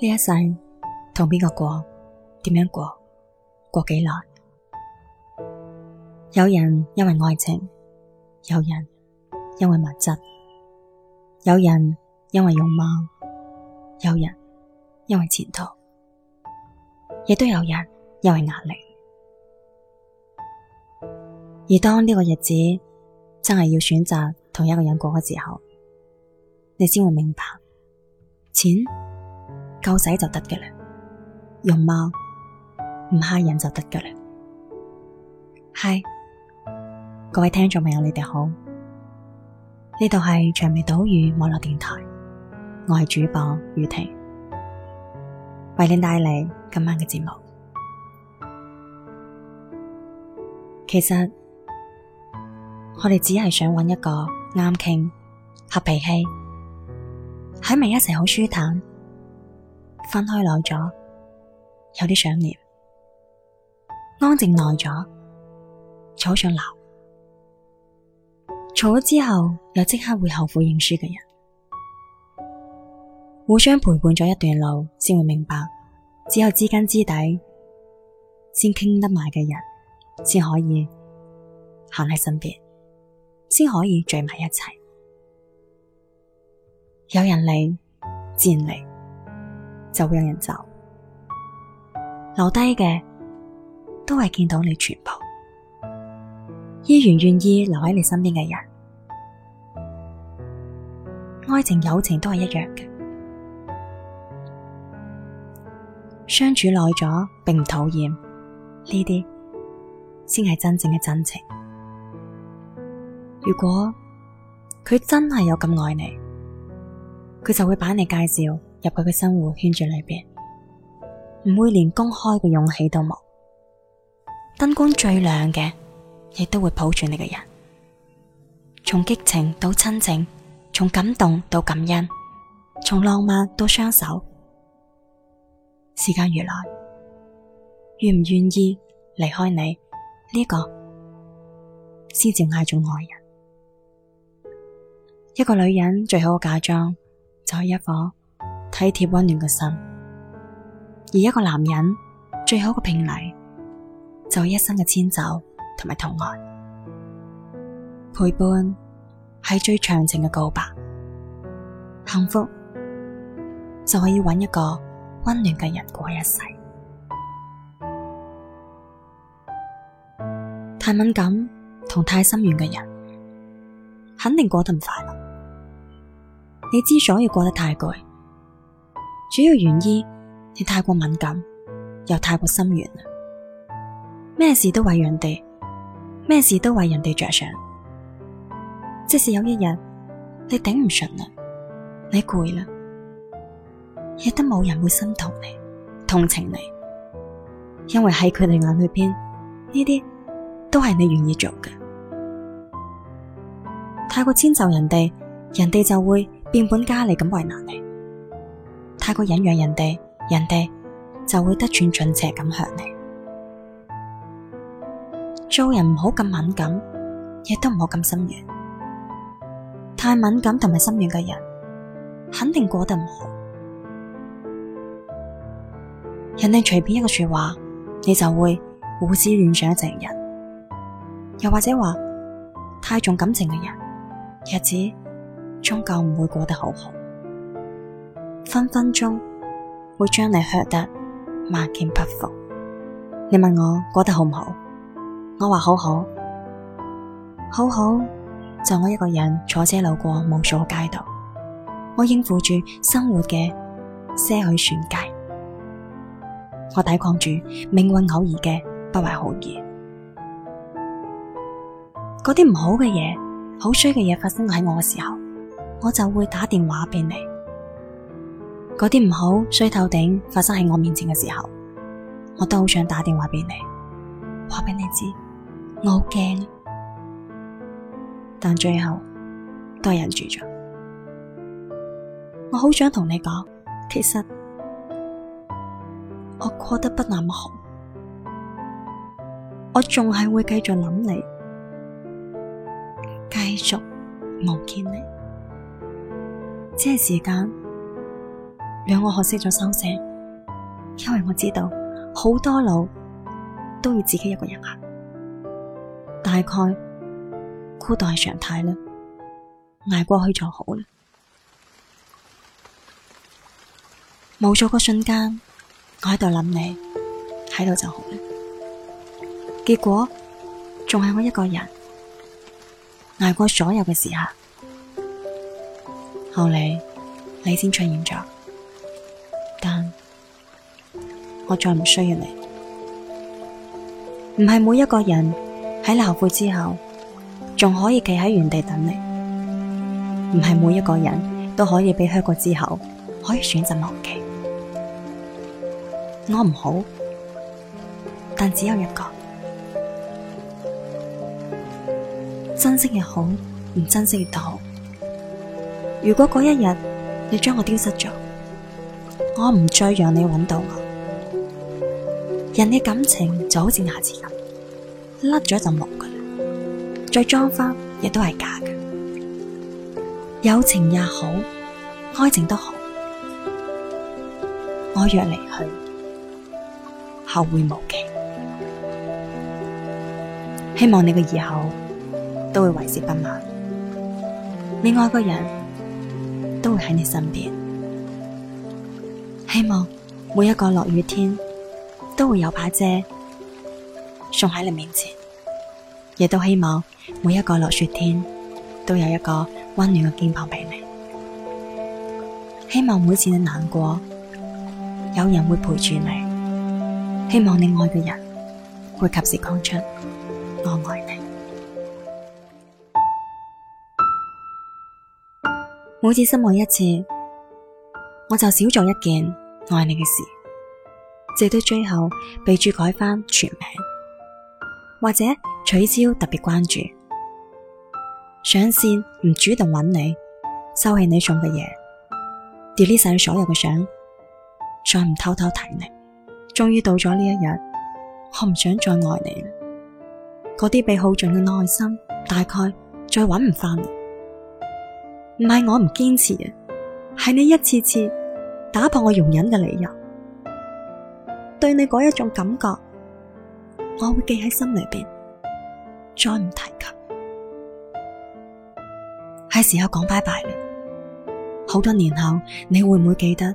呢一世同邊個過？點樣過？過幾耐？有人因為愛情，有人因為物質，有人因為容貌，有人因為前途，亦都有人因為壓力。而當呢個日子真係要選擇同一個人過嘅時候，你先會明白錢夠使就得嘅啦，容貌唔吓人就得嘅啦。嗨，Hi, 各位聽眾朋友，你哋好，呢度係長尾島語網絡電台，我係主播雨婷，為你帶嚟今晚嘅節目。其實我哋只係想揾一個啱傾、合脾氣，喺埋一齊好舒坦。分開耐咗，有啲想念；安靜耐咗，坐上樓，嘈咗之後又即刻會後悔認輸嘅人。互相陪伴咗一段路，先會明白，只有知根知底，先傾得埋嘅人，先可以行喺身邊，先可以聚埋一齊。有人嚟，自然嚟。就會有人走，留低嘅都係見到你全部，依然願意留喺你身邊嘅人，愛情友情都係一樣嘅，相處耐咗並唔討厭呢啲，先係真正嘅真情。如果佢真係有咁愛你，佢就會把你介紹。入佢嘅生活圈子裏邊，唔會連公開嘅勇氣都冇。燈光最亮嘅，亦都會抱住你嘅人。從激情到親情，從感動到感恩，從浪漫到相守。時間越耐，越唔願意離開你，呢個先至嗌做愛人。一個女人最好嘅嫁妝就係一顆。體貼温暖嘅心，而一個男人最好嘅聘禮就係一生嘅遷就同埋疼愛。陪伴係最長情嘅告白，幸福就可以揾一個温暖嘅人過一世。太敏感同太心軟嘅人，肯定過得唔快樂。你之所以過得太攰。主要原因你太過敏感，又太過心軟，咩事都為人哋，咩事都為人哋着想，即使有一日你頂唔順啦，你攰啦，亦都冇人會心痛你、同情你，因為喺佢哋眼裏邊呢啲都係你願意做嘅。太過遷就人哋，人哋就會變本加厲咁為難你。太過忍讓人哋，人哋就會得寸進尺咁向你。做人唔好咁敏感，亦都唔好咁心軟。太敏感同埋心軟嘅人，肯定過得唔好。人哋隨便一個說話，你就會胡思亂想一整日；又或者話太重感情嘅人，日子終究唔會過得好好。分分鐘會將你吃得萬劫不復。你問我過得好唔好？我話好好，好好。就我一個人坐車路過無數街道，我應付住生活嘅些許算計，我抵抗住命運偶爾嘅不懷好意。嗰啲唔好嘅嘢、好衰嘅嘢發生喺我嘅時候，我就會打電話俾你。嗰啲唔好衰透頂發生喺我面前嘅時候，我都好想打電話俾你，話俾你知，我好驚。但最後都忍住咗。我好想同你講，其實我過得不那麼好，我仲係會繼續諗你，繼續夢見你，只係時間。讓我學識咗收聲，因為我知道好多路都要自己一個人行，大概孤獨係常態啦，捱過去了好了就好啦。無數個瞬間我喺度諗你，喺度就好啦。結果仲係我一個人捱過所有嘅時刻，後嚟你先出現咗。我再唔需要你，唔係每一個人喺你後悔之後，仲可以企喺原地等你，唔係每一個人都可以俾傷過之後可以選擇忘記。我唔好，但只有一個珍惜嘅好，唔珍惜嘅好。如果嗰一日你將我丟失咗，我唔再讓你揾到我。人嘅感情就好似牙齒咁，甩咗就冇噶啦，再裝翻亦都係假嘅。友情也好，愛情都好，我若離去，後會無期。希望你嘅以後都會為時不晚，你愛嘅人都會喺你身邊。希望每一個落雨天。都會有把遮送喺你面前，亦都希望每一個落雪天都有一個溫暖嘅肩膀俾你。希望每次你難過，有人會陪住你。希望你愛嘅人會及時講出「我愛你」。每次失望一次，我就少做一件愛你嘅事。直到最後，備註改翻全名，或者取消特別關注，上線唔主動揾你，收起你送嘅嘢，delete 晒你所有嘅相，再唔偷偷睇你。終於到咗呢一日，我唔想再愛你啦。嗰啲被耗盡嘅耐心，大概再揾唔翻。唔係我唔堅持啊，係你一次次打破我容忍嘅理由。對你嗰一種感覺，我會記喺心裏邊，再唔提及。係時候講拜拜啦。好多年後，你會唔會記得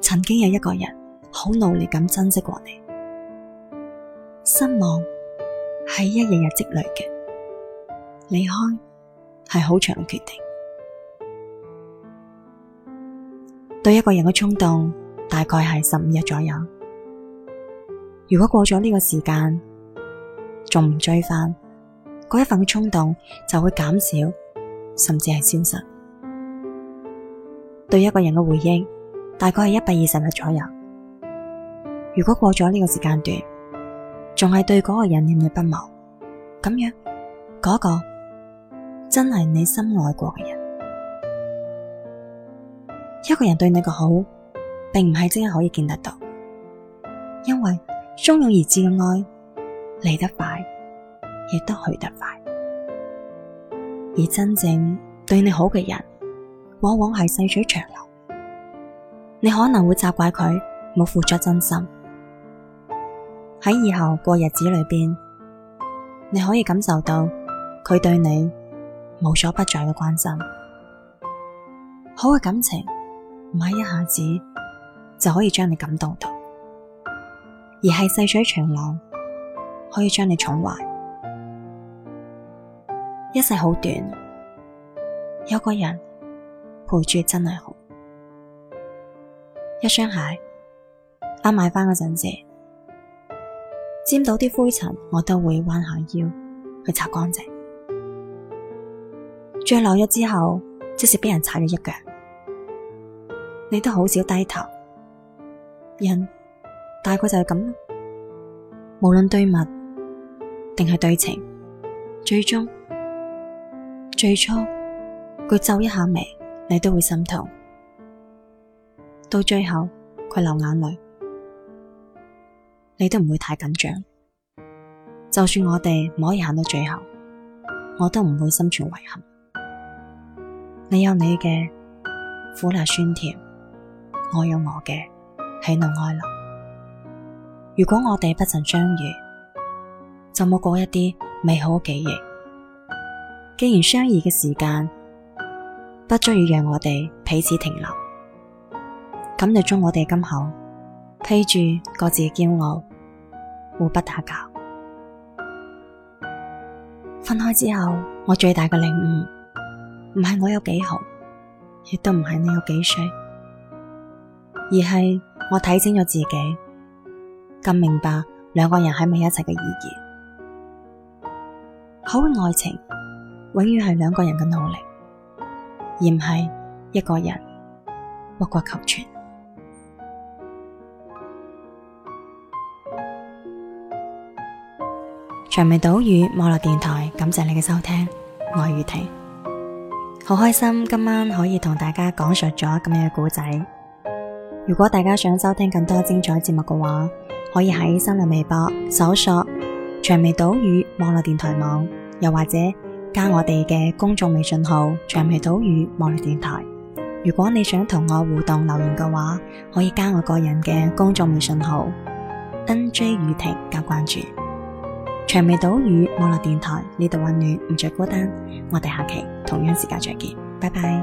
曾經有一個人好努力咁珍惜過你？失望係一日日積累嘅，離開係好長嘅決定。對一個人嘅衝動，大概係十五日左右。如果過咗呢個時間，仲唔追翻，嗰一份嘅衝動，就會減少，甚至係消失。對一個人嘅回憶大概係一百二十日左右。如果過咗呢個時間段，仲係對嗰個人念念不忘，咁樣，嗰、那個真係你深愛過嘅人。一個人對你嘅好，並唔係真係可以見得到，因為。洶湧而至嘅愛嚟得快，亦都去得快。而真正對你好嘅人，往往係細水長流。你可能會責怪佢冇付出真心，喺以後過日子裏邊，你可以感受到佢對你無所不在嘅關心。好嘅感情唔係一下子就可以將你感動到。而係細水長流，可以將你寵壞。一世好短，有個人陪住真係好。一雙鞋啱買翻嗰陣時，沾到啲灰塵，我都會彎下腰去擦乾淨。着耐咗之後，即使俾人踩咗一腳，你都好少低頭。人。大概就係咁啦，無論對物定係對情，最終、最初，佢皺一下眉，你都會心痛；到最後，佢流眼淚，你都唔會太緊張。就算我哋唔可以行到最後，我都唔會心存遺憾。你有你嘅苦辣酸甜，我有我嘅喜怒哀樂。如果我哋不曾相遇，就冇過一啲美好嘅記憶。既然相遇嘅時間不足以讓我哋彼此停留，咁就祝我哋今後披住各自嘅驕傲，互不打攪。分開之後，我最大嘅領悟，唔係我有幾好，亦都唔係你有幾衰，而係我睇清咗自己。更明白兩個人喺埋一齊嘅意義。好愛情永遠係兩個人嘅努力，而唔係一個人委屈求全。長尾島嶼網絡電台，感謝你嘅收聽。我宇婷好開心今晚可以同大家講述咗咁樣嘅故仔。如果大家想收聽更多精彩節目嘅話，可以喺新浪微博搜索長尾島嶼網絡電台網，又或者加我哋嘅公眾微信號長尾島嶼網絡電台。如果你想同我互動留言嘅話，可以加我個人嘅公眾微信號 NJ 宇婷加關注。長尾島嶼網絡電台呢度溫暖，唔再孤單。我哋下期同樣時間再見，拜拜。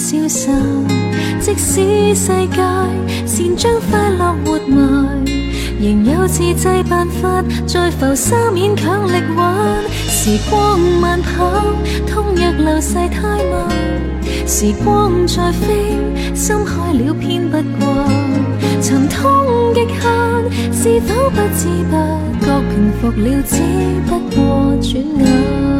消受，即使世界善將快樂活埋，仍有自製辦法，在浮沙勉強力挽。時光慢跑，痛若流逝太慢。時光在飛，心開了偏不慣。沉痛極限，是否不知不覺平復了？只不過轉眼。